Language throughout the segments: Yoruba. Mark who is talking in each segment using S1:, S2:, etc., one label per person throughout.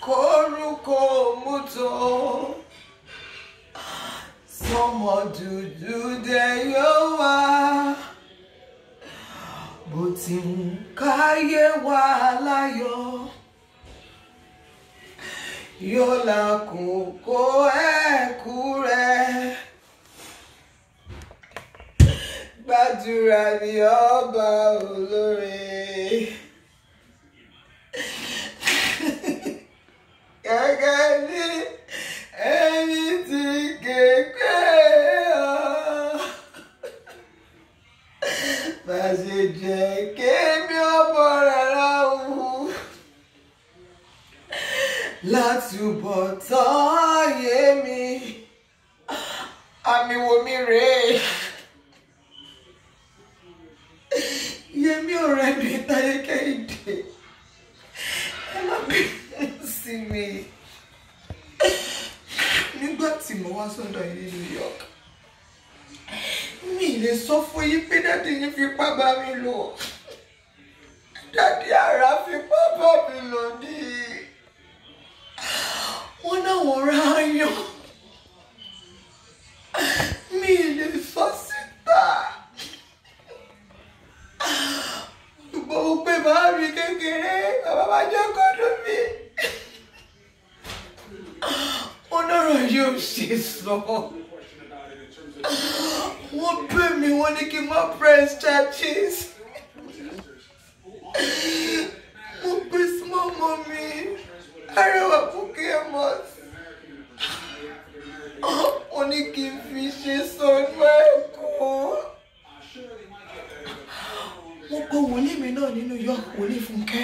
S1: Koruko muto Somo dudu de yowa Butin kaye wa layo Yola kuko ekure Gbàdúrà ni ọba olori. kébi ọmọ rárá òun látúbọ̀ tán yé mi àmì wo mi rèé yẹmí ọ̀rẹ́ mi táyé kẹ́hìndé ẹ má bẹ̀rẹ̀ sí mi nígbà tí mo wá sọ́dọ̀ yìí ní New York mi lè sọ fún yín pé dáàdi yín fipá bá mi lò dàdí ara fi pápá mi lò ní wọn náwọn ra yan mi lè fọ síta ṣùgbọ́n mo pé màá rí kékeré bàbá máa jẹ́ kọ́dún mi wọn náà yóò ṣe sọ wọ́n pè mí wọ́n ní kí n má press charges. famous mo ní kí n fi ṣe sọnù ẹ̀kọ́ mo pe wòlíì mi náà ní New York wòlíì Fúnkẹ́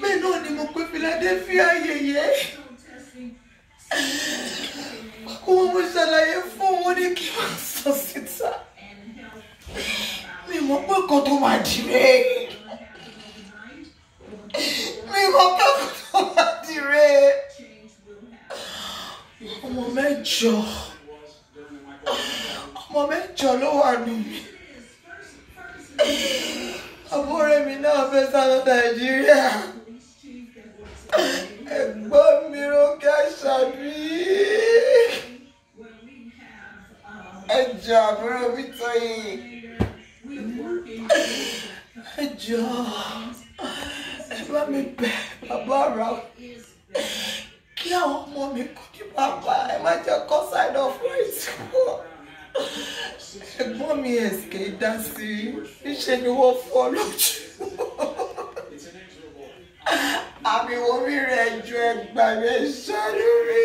S1: bẹ́ẹ̀ náà ni mo pe Philadelphia yẹyẹ kó wọn mo ṣàlàyé fún wọn ní kí wọn sọ síta mi mọ̀ pé kan tó máa dì rèé mi mọ̀ pé. mẹ́jọ ọmọ mẹ́jọ ló wà nù mí àbúrò mi náà fẹ́ sá lọ nàìjíríà ẹ̀gbọ́n mi Ronke Àṣàbí ẹjọ àbúrò mi tó yìí ẹjọ ẹ bá mi bẹ̀ bàbá rà kí àwọn ọmọ mi kú ní bàbá ẹ má jẹ́ kọ́ sign up for it wọ́n ẹ̀gbọ́n mi ẹ̀sìkè dá sí i níṣẹ́ ni wọ́n fọ́ lójú àmì wo mi rẹ̀ ju ẹgbàá mi ṣá lórí.